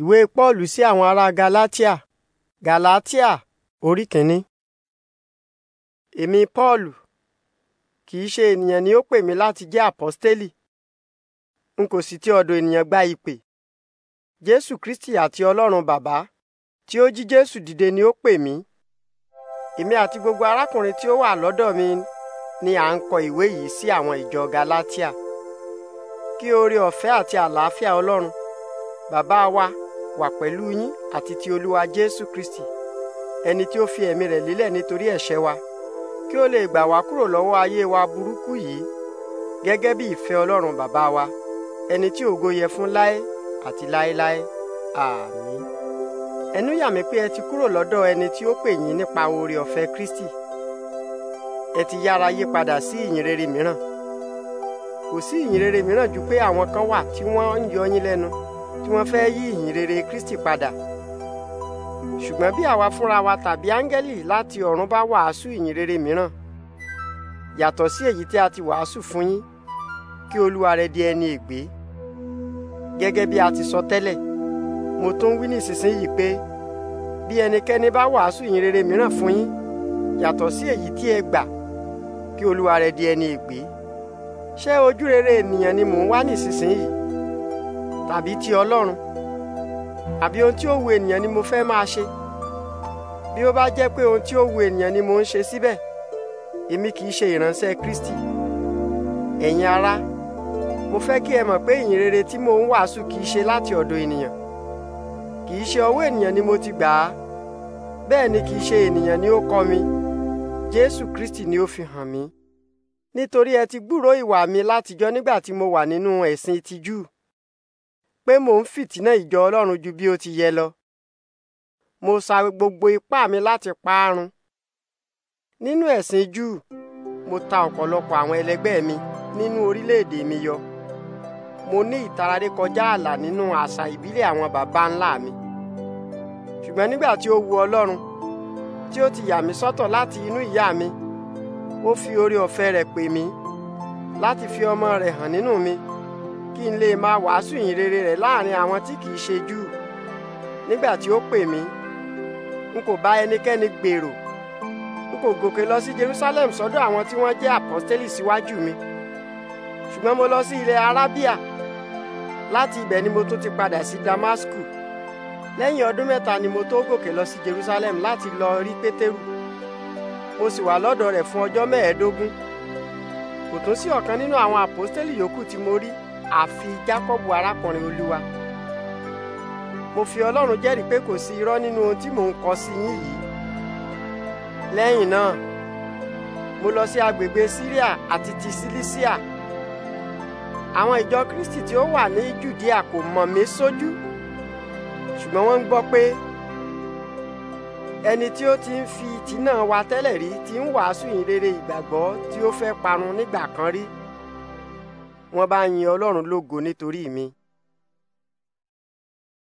Ìwé Pọ́ọ̀lù sí àwọn ará Galatia. Galatia orí kìíní. Èmi Pọ́ọ̀lù kìí ṣe ènìyàn ni ó pè mí láti jẹ́ àpọ́stélì. N kò sì ti ọ̀dọ̀ ènìyàn gba ìpè. Jésù Kristi àti Ọlọ́run Bàbá tí ó jí Jésù dìde ni ó pè mí. Èmi àti gbogbo arákùnrin tí ó wà lọ́dọ̀ mi ni à ń kọ ìwé yìí sí àwọn ìjọ Galatia. Kí oore ọ̀fẹ́ àti àlàáfíà Ọlọ́run. Bàbá wa wà pẹ̀lú yín àti ti olúwa jésù kristi ẹni tí ó fi ẹ̀mí rẹ̀ lélẹ̀ nítorí ẹ̀ṣẹ̀ wa kí ó lè gbà wá kúrò lọ́wọ́ ayé wa burúkú yìí gẹ́gẹ́ bí ìfẹ́ ọlọ́run bàbá wa ẹni tí ògo yẹ fún láé àti láéláé àmín ẹnu yà mí pé ẹ ti kúrò lọ́dọ̀ ẹni tí ó pè yín nípa oore ọ̀fẹ́ kristi ẹ ti yára yí padà sí ìyìnrere mìíràn kò sí ìyìnrere mìíràn ju pé àwọn kan wà tí wọ́n ń yọ yín lẹ́nu tí wọ́n fẹ́ yí ìyìn rere Kristi padà ṣùgbọ́n bí àwa fúnra wa tàbí áńgẹ́lì láti ọ̀run bá wàásù ìyìn rere mìíràn yàtọ̀ sí èyí tí a ti wàásù fún yín kí olúwa rẹ di ẹni ègbé gẹ́gẹ́ bí a ti sọ tẹ́lẹ̀ mo tún wí nísinsìnyí pé bí ẹnikẹ́ni bá wàásù ìyìn rere mìíràn fún yín yàtọ̀ sí èyí tí ẹ gbà kí olúwa rẹ di ẹni ègbé ṣé ojú rere ènìyàn ni mò ń wá nísinsìnyí tàbí ti Ọlọ́run àbí ohun tí ó wu ènìyàn ni mo fẹ́ máa ṣe bí ó bá jẹ́ pé ohun tí ó wu ènìyàn ni mo ń ṣe síbẹ̀ èmi kì í ṣe ìránṣẹ́ Kristi ẹ̀yin ará mo fẹ́ kí ẹ mọ̀ pé ìyìn rere tí mo ń wàásù kì í ṣe láti ọ̀dọ̀ ènìyàn kì í ṣe ọwọ́ ènìyàn ni mo ti gbà á bẹ́ẹ̀ ni kì í ṣe ènìyàn ni ó kọ́ mi Jésù Kristi ni ó fi hàn mí nítorí ẹ ti gbúròó ìwà mi látijọ́ nígbà tí mo wà nínú ẹ̀sìn ti Júù pé mò ń fìtínà ìjọ Ọlọ́run ju bí ó ti yẹ lọ. Mo sa gbogbo ipá mi láti pa á run. Nínú ẹ̀sìn Júù, mo ta ọ̀pọ̀lọpọ̀ àwọn ẹlẹgbẹ́ mi nínú orílẹ̀-èdè mi yọ. Mo ní ìtara ré kọjá ààlà nínú àṣà ìbílẹ̀ àwọn baba ńlá mi. Ṣùgbọ́n nígbà tí ó wu Ọlọ́run, tí ó ti yà mí sọ́tọ̀ láti inú ìyá mi, ó fi oore ọ̀fẹ́ rẹ̀ pè mí láti fi ọmọ rẹ̀ hàn nínú mi kí n lè máa wàásù ìyìn rere rẹ̀ láàrin àwọn tí kìí ṣe Júù nígbà tí ó pè mí n kò bá ẹnikẹ́ni gbèrò n kò gòkè lọ sí Jerusalem sọ́dọ̀ àwọn tí wọ́n jẹ́ àpọ́stélì síwájú mi ṣùgbọ́n mo lọ sí ilẹ̀ Arábíà láti ibẹ̀ ni mo tún ti padà sí Damasku lẹ́yìn ọdún mẹ́ta ni mo tó gòkè lọ sí Jerusalem láti lọ rí Pétérù mo sì wà lọ́dọ̀ rẹ̀ fún ọjọ́ mẹ́ẹ̀ẹ́dógún kò tún sí ọ̀kan nínú àwọn àpọ́stélì yòókù tí mo rí àfi Jákọ́bù arákùnrin Olúwa mo fi Ọlọ́run jẹ́rìí pé kò sí irọ́ nínú ohun tí mò ń kọ sí yín yìí lẹ́yìn náà mo lọ sí agbègbè Síríà àti ti Silisia àwọn ìjọ Kristi tí ó wà ní Jùdíà kò mọ̀ mí sójú ṣùgbọ́n wọ́n ń gbọ́ pé ẹni tí ó ti ń fi ìtì náà wa tẹ́lẹ̀ rí ti ń wàásù ìhìnrere ìgbàgbọ́ tí ó fẹ́ parun nígbà kan rí wọ́n bá yin Ọlọ́run lógo nítorí mi